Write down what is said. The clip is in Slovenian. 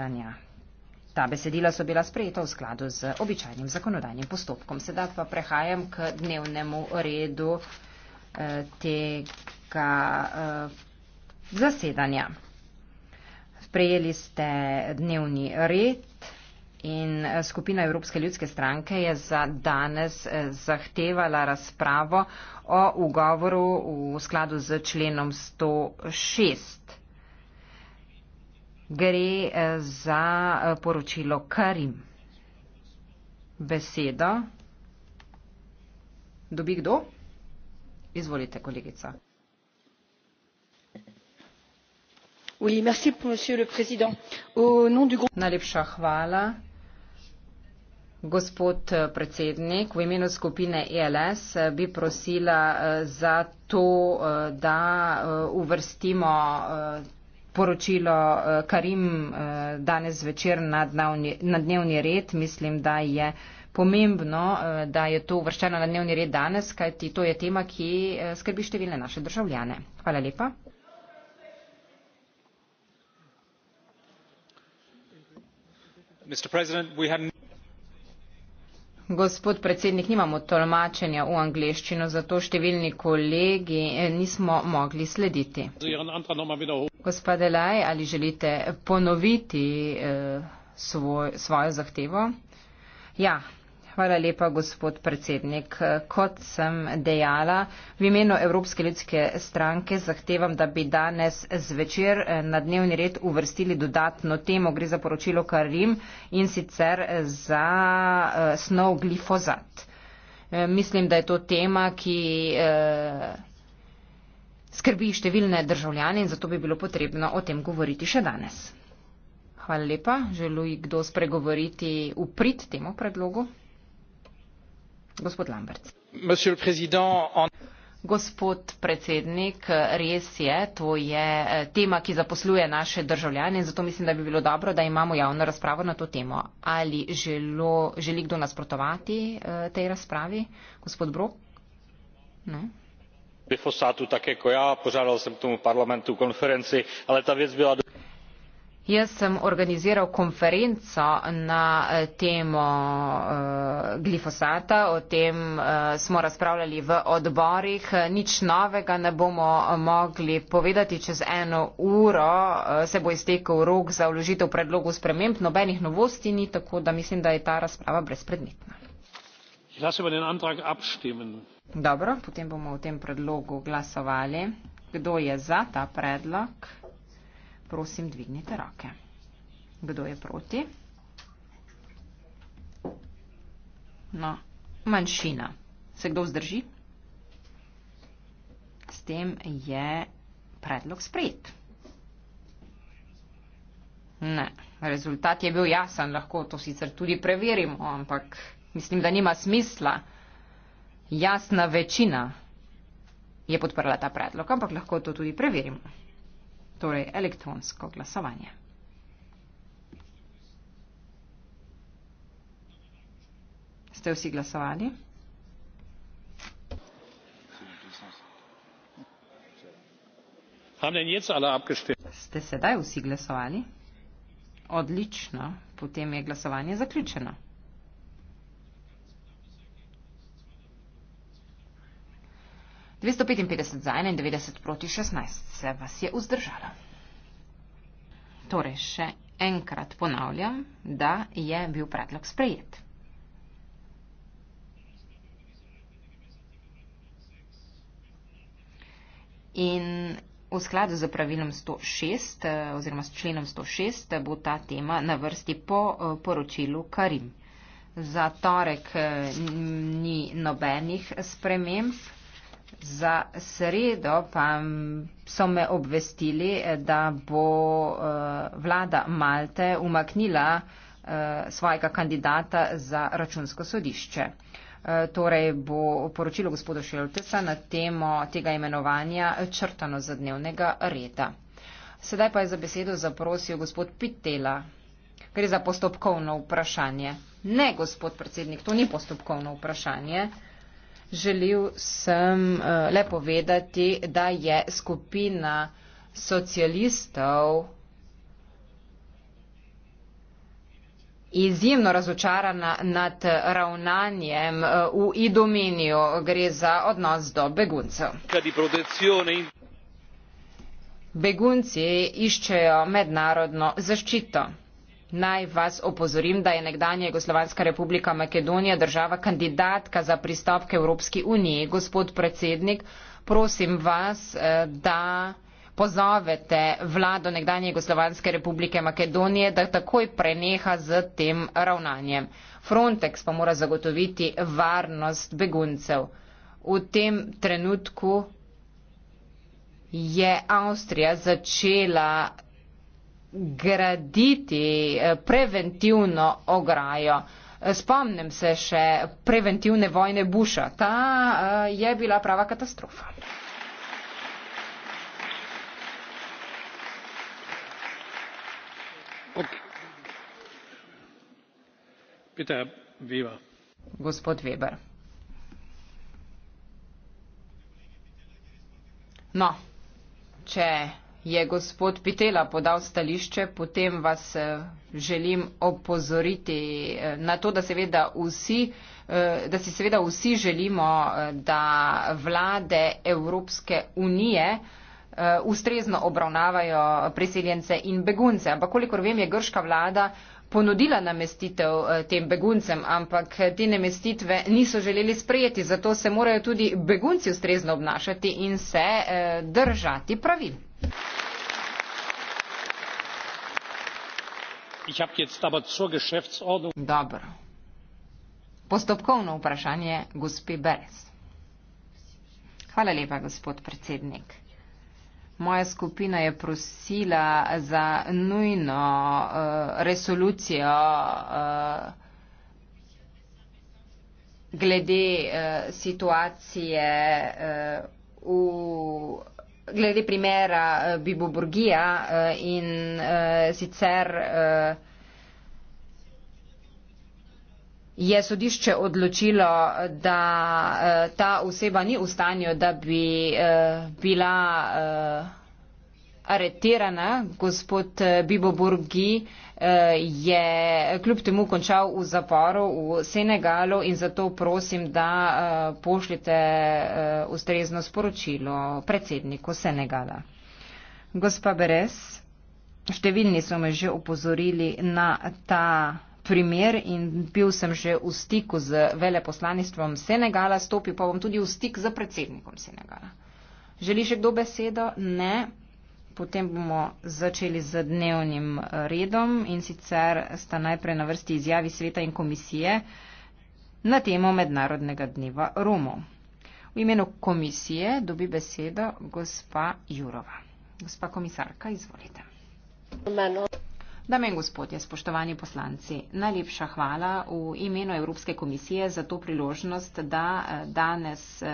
čitanja. Ta besedila so bila sprejeta v skladu z običajnim zakonodajnim postopkom. Sedaj pa prehajam k dnevnemu redu eh, tega eh, zasedanja. Sprejeli ste dnevni red in eh, skupina Evropske ljudske stranke je za danes zahtevala razpravo o ugovoru v skladu z členom 106 gre eh, za eh, poročilo Karim. Besedo dobi kdo? Izvolite, kolegica. Oui, merci, monsieur le président. Au nom du... Najlepša hvala, gospod eh, predsednik. V imenu skupine ELS bi prosila za to, da uvrstimo poročilo eh, Karim eh, danes večer na, dnavni, na dnevni red. Mislim, da je pomembno, eh, da je to uvrščeno na dnevni red danes, kajti to je tema, ki skrbi številne naše državljane. Hvala lepa. Gospod predsednik, nimamo tolmačenja v angliščino, zato številni kolegi nismo mogli slediti. Gospod Elaj, ali želite ponoviti eh, svoj, svojo zahtevo? Ja, hvala lepa, gospod predsednik. Kot sem dejala, v imenu Evropske ljudske stranke zahtevam, da bi danes zvečer eh, na dnevni red uvrstili dodatno temo, gre za poročilo Karim in sicer eh, za snov glifozat. Mislim, da je to tema, ki. Eh, skrbi številne državljane in zato bi bilo potrebno o tem govoriti še danes. Hvala lepa. Želi kdo spregovoriti v prid temu predlogu? Gospod Lambert. Gospod predsednik, res je, to je eh, tema, ki zaposluje naše državljane in zato mislim, da bi bilo dobro, da imamo javno razpravo na to temo. Ali želo, želi kdo nasprotovati eh, tej razpravi? Gospod Brok? Ne. No glyfosátu tak jako já pořádal jsem k tomu v parlamentu konferenci ale ta věc byla. Jaz sem organiziral konferenco na eh, temo eh, glifosata, o tem eh, smo razpravljali v odborih. Nič novega ne bomo mogli povedati, čez eno uro se bo iztekel rok za vložitev predlogov sprememb, nobenih novosti ni, tako da mislim, da je ta razprava brezpredmetna. Ich lasse über den Antrag abstimmen. Dobro, potem bomo o tem predlogu glasovali. Kdo je za ta predlog? Prosim, dvignite roke. Kdo je proti? No, manjšina. Se kdo vzdrži? S tem je predlog sprejet. Ne, rezultat je bil jasen, lahko to sicer tudi preverimo, ampak mislim, da nima smisla. Jasna večina je podprla ta predlog, ampak lahko to tudi preverimo. Torej, elektronsko glasovanje. Ste vsi glasovali? Ste sedaj vsi glasovali? Odlično, potem je glasovanje zaključeno. 255 za 91 proti 16 se vas je vzdržala. Torej še enkrat ponavljam, da je bil predlog sprejet. In v skladu z pravilom 106 eh, oziroma s členom 106 bo ta tema na vrsti po eh, poročilu Karim. Za torek eh, ni nobenih sprememb. Za sredo pa so me obvestili, da bo eh, vlada Malte umaknila eh, svojega kandidata za računsko sodišče. Eh, torej bo poročilo gospoda Šelteca na temo tega imenovanja črtano za dnevnega reda. Sedaj pa je za besedo zaprosil gospod Pitela, ker je za postopkovno vprašanje. Ne, gospod predsednik, to ni postopkovno vprašanje želel sem eh, le povedati, da je skupina socialistov izjemno razočarana nad ravnanjem eh, v idominiju. Gre za odnos do beguncev. Begunci iščejo mednarodno zaščito. Naj vas opozorim, da je nekdanja Jugoslovanska republika Makedonija država kandidatka za pristop k Evropski uniji. Gospod predsednik, prosim vas, eh, da pozovete vlado nekdanje Jugoslovanske republike Makedonije, da takoj preneha z tem ravnanjem. Frontex pa mora zagotoviti varnost beguncev. V tem trenutku je Avstrija začela graditi eh, preventivno ograjo. Eh, spomnim se še preventivne vojne Buša. Ta eh, je bila prava katastrofa. Gospod Weber. No, če je gospod Pitela podal stališče, potem vas eh, želim opozoriti eh, na to, da, seveda vsi, eh, da si seveda vsi želimo, da vlade Evropske unije ustrezno obravnavajo priseljence in begunce. Ampak kolikor vem, je grška vlada ponudila namestitev tem beguncem, ampak te namestitve niso želeli sprejeti, zato se morajo tudi begunci ustrezno obnašati in se držati pravil. Dobro. Postopkovno vprašanje gospe Beres. Hvala lepa, gospod predsednik. Moja skupina je prosila za nujno uh, resolucijo uh, glede uh, situacije uh, v glede primera uh, eh, Bibo Borgija uh, eh, in uh, sicer uh, je sodišče odločilo, da uh, ta oseba ni v stanju, da bi uh, bila. Uh, aretirana, gospod eh, Bibo Burgi eh, je kljub temu končal v zaporu v Senegalu in zato prosim, da eh, pošljete ustrezno sporočilo predsedniku Senegala. Gospa Beres, številni so me že upozorili na ta primer in bil sem že v stiku z veleposlanistvom Senegala, stopil pa bom tudi v stik z predsednikom Senegala. Želi še kdo besedo? Ne potem bomo začeli z dnevnim eh, redom in sicer sta najprej na vrsti izjavi sveta in komisije na temo Mednarodnega dneva Romov. V imenu komisije dobi besedo gospa Jurova. Gospa komisarka, izvolite. Dame in gospodje, spoštovani poslanci, najlepša hvala v imenu Evropske komisije za to priložnost, da eh, danes eh,